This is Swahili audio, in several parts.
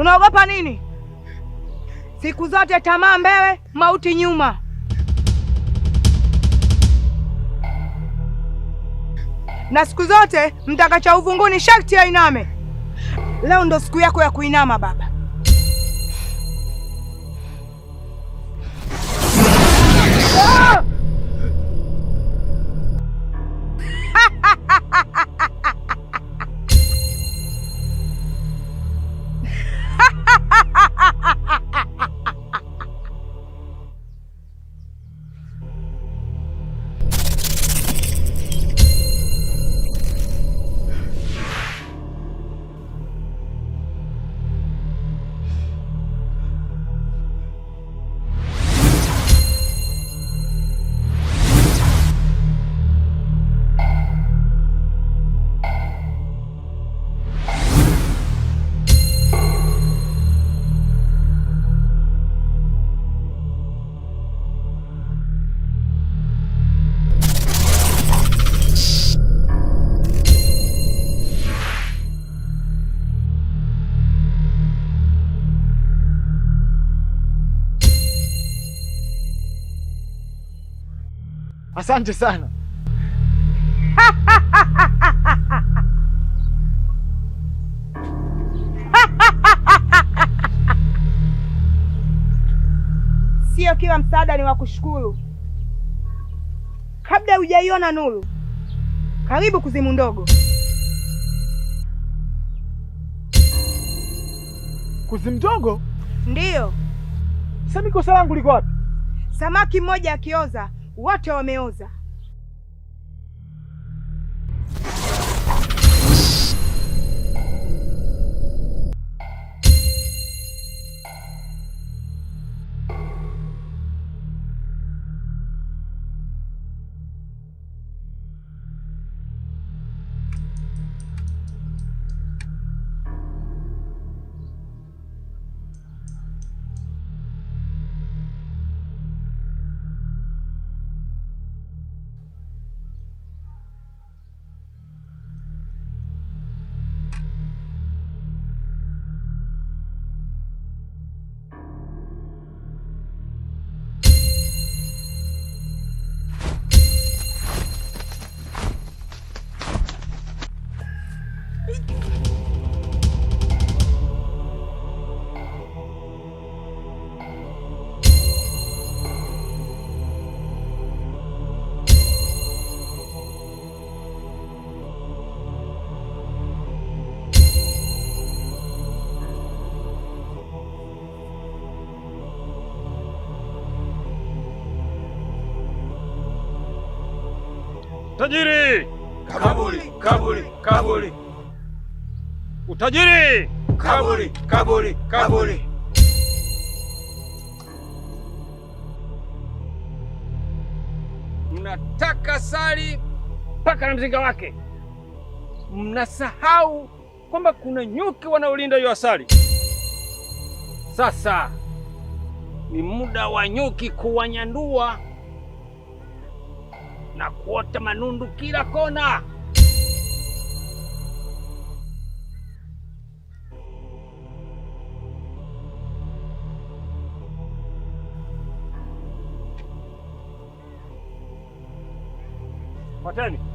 Unaogopa nini? Siku zote tamaa mbele, mauti nyuma. Na siku zote mtakacha uvunguni sharti ainame. Leo ndo siku yako ya kuinama baba. Asante sana. Sio kila msaada ni wa kushukuru. Kabla hujaiona nuru, karibu kuzimu ndogo. Kuzimu ndogo? Ndiyo. Sasa mikosa langu liko wapi? Samaki mmoja akioza wote wameoza. Utajiri! Kaburi! Kaburi! Kaburi! Utajiri! Kaburi! Kaburi! Kaburi! Mnataka sali mpaka na mzinga wake, mnasahau kwamba kuna nyuki wanaolinda hiyo asali. Sasa ni muda wa nyuki kuwanyandua na kuota manundu kila kona. Pateni.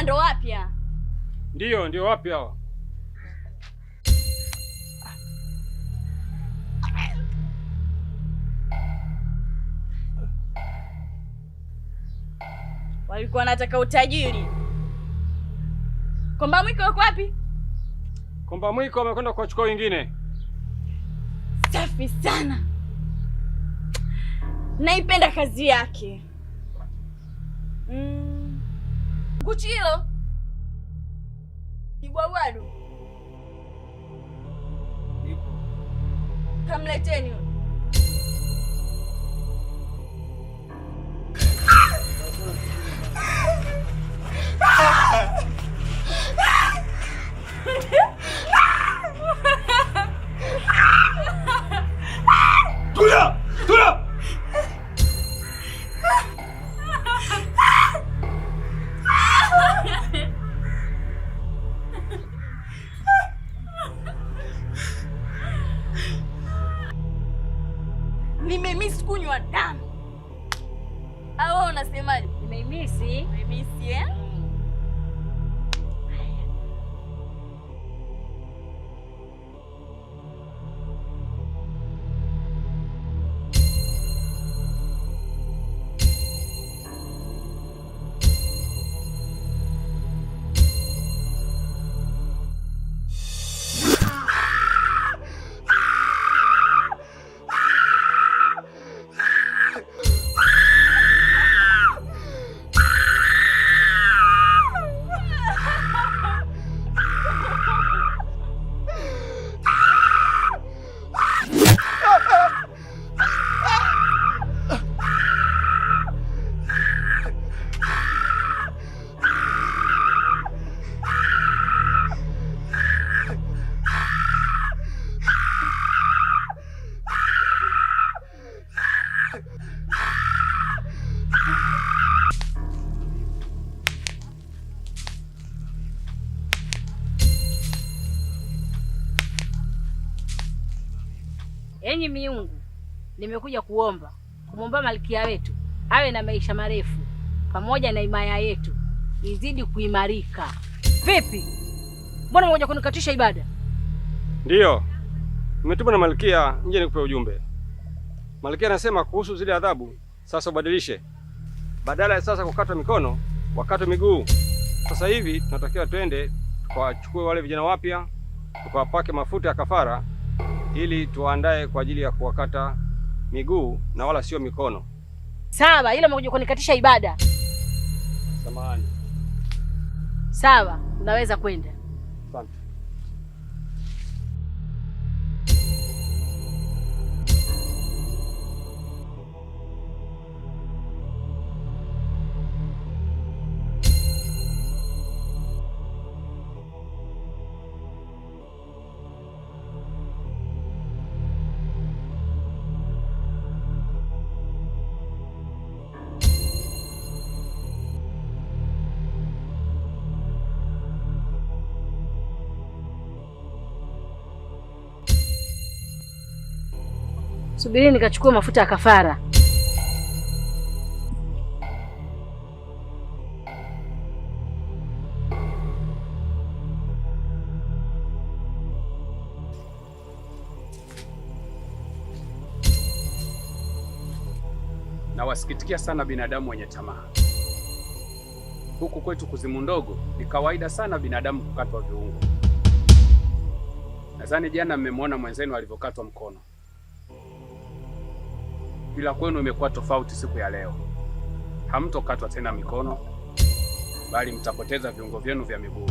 hawa ndo wapya? ndio ndio wapya hawa. Walikuwa wanataka utajiri. Komba mwiko yuko wapi? Komba mwiko amekwenda kuwachukua wengine. Safi sana, naipenda kazi yake mm kuchilo ibwabwadu kamleteni unasema nimeimisi. Nimeimisi eh? nyinyi miungu, nimekuja kuomba kumwomba malkia wetu awe na maisha marefu, pamoja na imaya yetu izidi kuimarika. Vipi, mbona umekuja kunikatisha ibada? Ndiyo, nimetumwa na malkia nje nikupe ujumbe. Malkia anasema kuhusu zile adhabu, sasa ubadilishe, badala ya sasa kukatwa mikono wakatwe miguu. Sasa hivi tunatakiwa twende tukawachukue wale vijana wapya tukawapake mafuta ya kafara ili tuandae kwa ajili ya kuwakata miguu na wala sio mikono. Sawa, ila umekuja kunikatisha ibada. Samahani. Sawa, unaweza kwenda. subiri nikachukua mafuta ya kafara. Nawasikitikia sana binadamu wenye tamaa. Huku kwetu kuzimu ndogo ni kawaida sana binadamu kukatwa viungo. Nadhani jana mmemwona mwenzenu alivyokatwa mkono ila kwenu imekuwa tofauti. Siku ya leo hamtokatwa tena mikono, bali mtapoteza viungo vyenu vya miguu.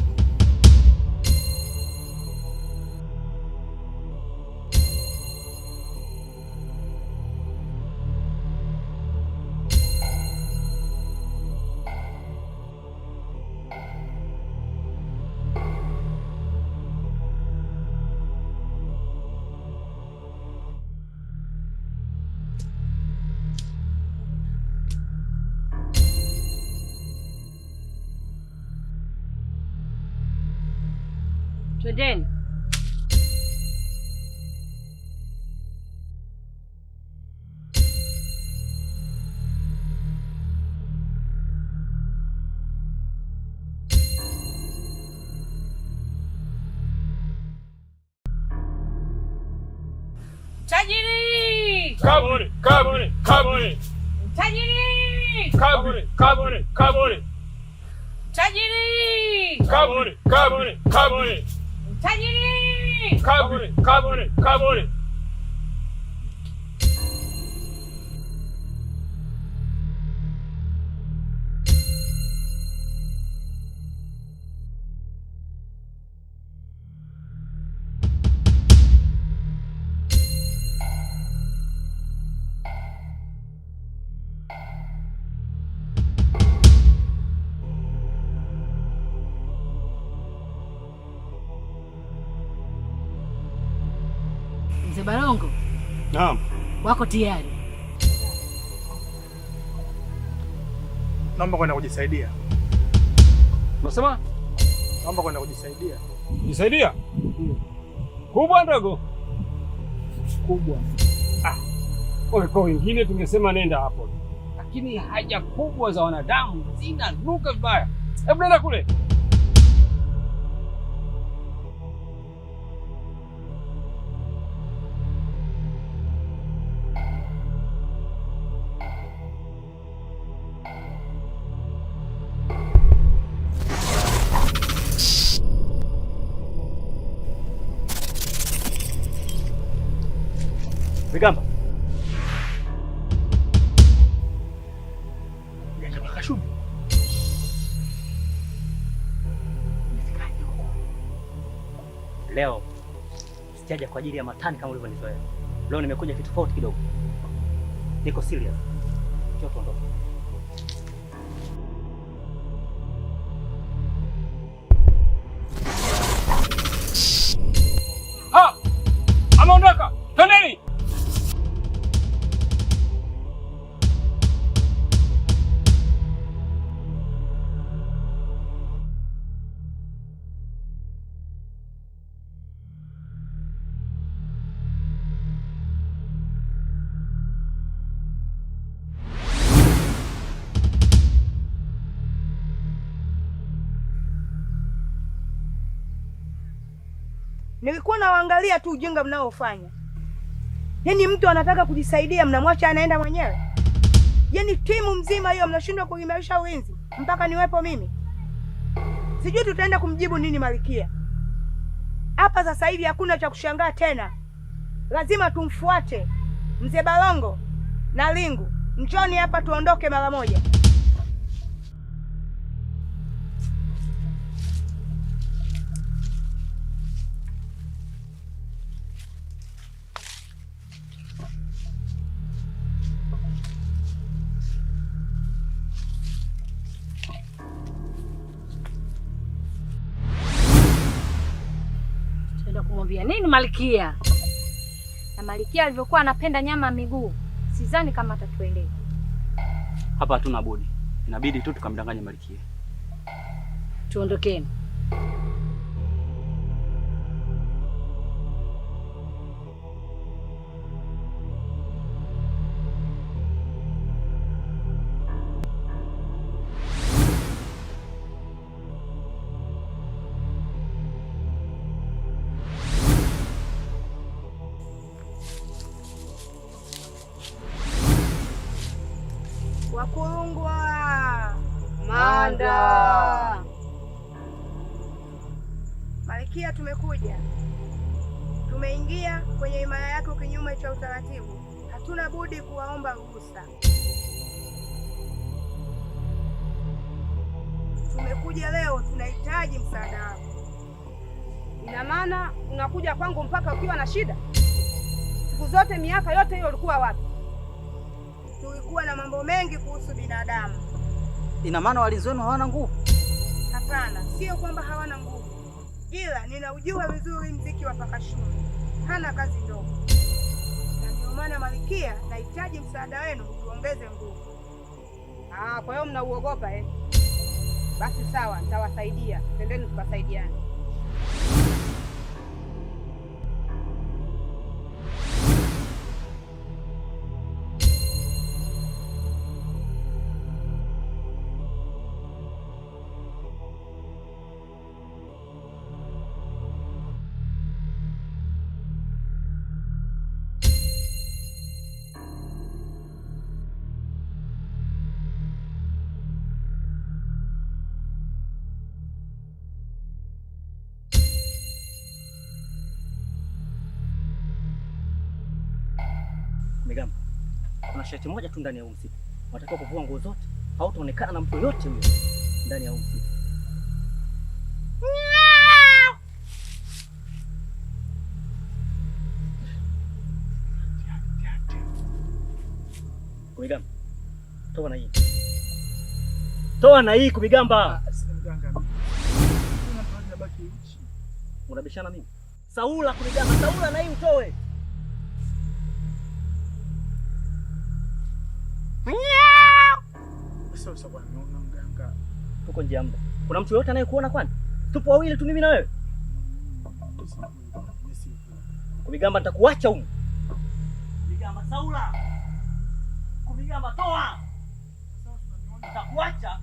Utajiri! Kaburi, kaburi, kaburi. Utajiri! Kaburi, kaburi, kaburi. Utajiri! Kaburi, kaburi, kaburi. Utajiri! Kaburi, kaburi, kaburi. wako tayari. Naomba kwenda kujisaidia. Unasema? Naomba kwenda kujisaidia. Jisaidia? Hmm. Kubwa ndogo? Kubwa. Ah. Kwa wengine tungesema nenda hapo, lakini haja kubwa za wanadamu zinanuka vibaya. Hebu nenda kule. Leo sijaja kwa ajili ya matani kama ulivyonizoea. Leo nimekuja kitu tofauti kidogo, niko serious. Njoo tuondoke. Nilikuwa nawaangalia tu ujinga mnaofanya. Yaani mtu anataka kujisaidia mnamwacha anaenda mwenyewe. Yaani timu mzima hiyo mnashindwa kuimarisha ulinzi mpaka niwepo mimi. Sijui tutaenda kumjibu nini Malikia. Hapa sasa hivi hakuna cha kushangaa tena. Lazima tumfuate Mzee Balongo na Lingu. Njoni hapa tuondoke mara moja. Malkia. Na Malkia alivyokuwa anapenda nyama ya miguu, sidhani kama atatuelewa. Hapa hatuna budi, inabidi tu tukamdanganye Malkia. Tuondokeni. utaratibu, hatuna budi kuwaomba ruhusa. Tumekuja leo, tunahitaji msaada wako. Ina maana unakuja kwangu mpaka ukiwa na shida? Siku zote miaka yote hiyo ulikuwa wapi? Tulikuwa na mambo mengi kuhusu binadamu. Ina maana walinzi wenu hawana nguvu? Hapana, sio kwamba hawana nguvu, ila ninaujua vizuri mziki wa Pakashuni. hana kazi ndogo maana Malikia, nahitaji msaada wenu, tuongeze nguvu. Ah, kwa hiyo mnauogopa eh? Basi sawa, nitawasaidia. Tendeni tukasaidiane. Migamba, kuna sharti moja tu ndani ya huu msitu, unatakiwa kuvua nguo zote, hautaonekana na mtu yoyote huyo ndani ya huu msitu. toa na hii, toa na hii Kumigamba. Ah, Unabishana mimi? Saula Kumigamba, Saula na hii utoe. Tuko nje kuna mtu yoyote anayekuona kwani? Tupo wawili tu, mimi na wewe. Kumigamba nitakuacha huko. Kumigamba Saula, Kumigamba toa, nitakuacha,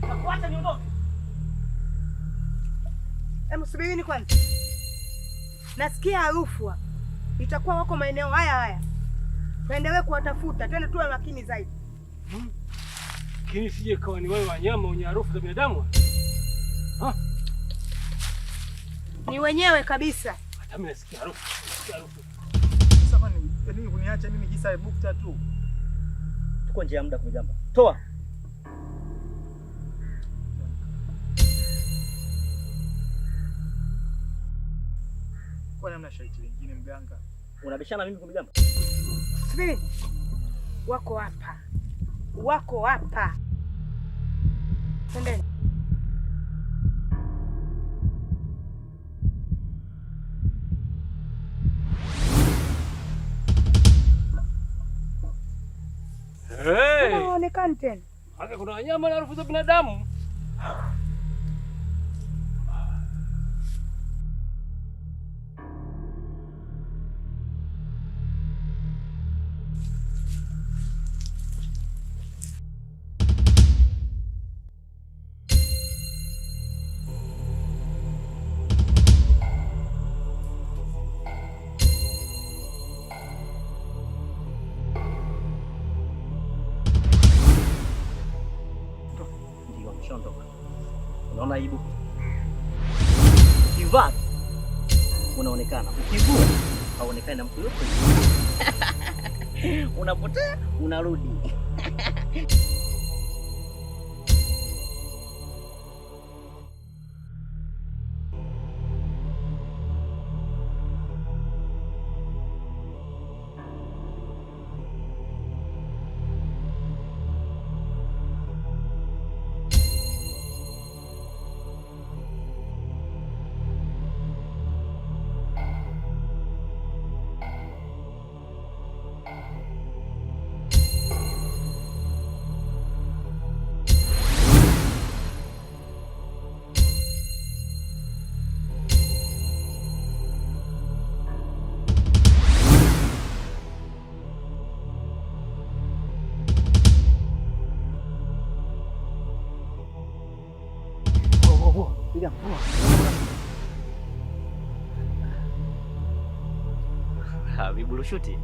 nitakuacha niondoke. Hebu subirini kwanza, nasikia harufu itakuwa wako maeneo haya haya tuendelee kuwatafuta tena, tuwe makini zaidi, hmm? lakini hmm, sije kawa ni wale wanyama wenye harufu za binadamu ha? Ni wenyewe kabisa. Hata mimi nasikia harufu, nasikia harufu. Sasa kwani nini kuniacha mimi kisa bukta tu? Tuko nje ya muda kwa kujamba. Toa. Kwa namna shaiti lingine mganga Unabishana mimi kumjamba? Subiri. Wako hapa. Wako hapa. Twendeni. Hey. Kuna wanyama na harufu za binadamu. utaenda Mkuyuni unapotea unarudi Bulushuti.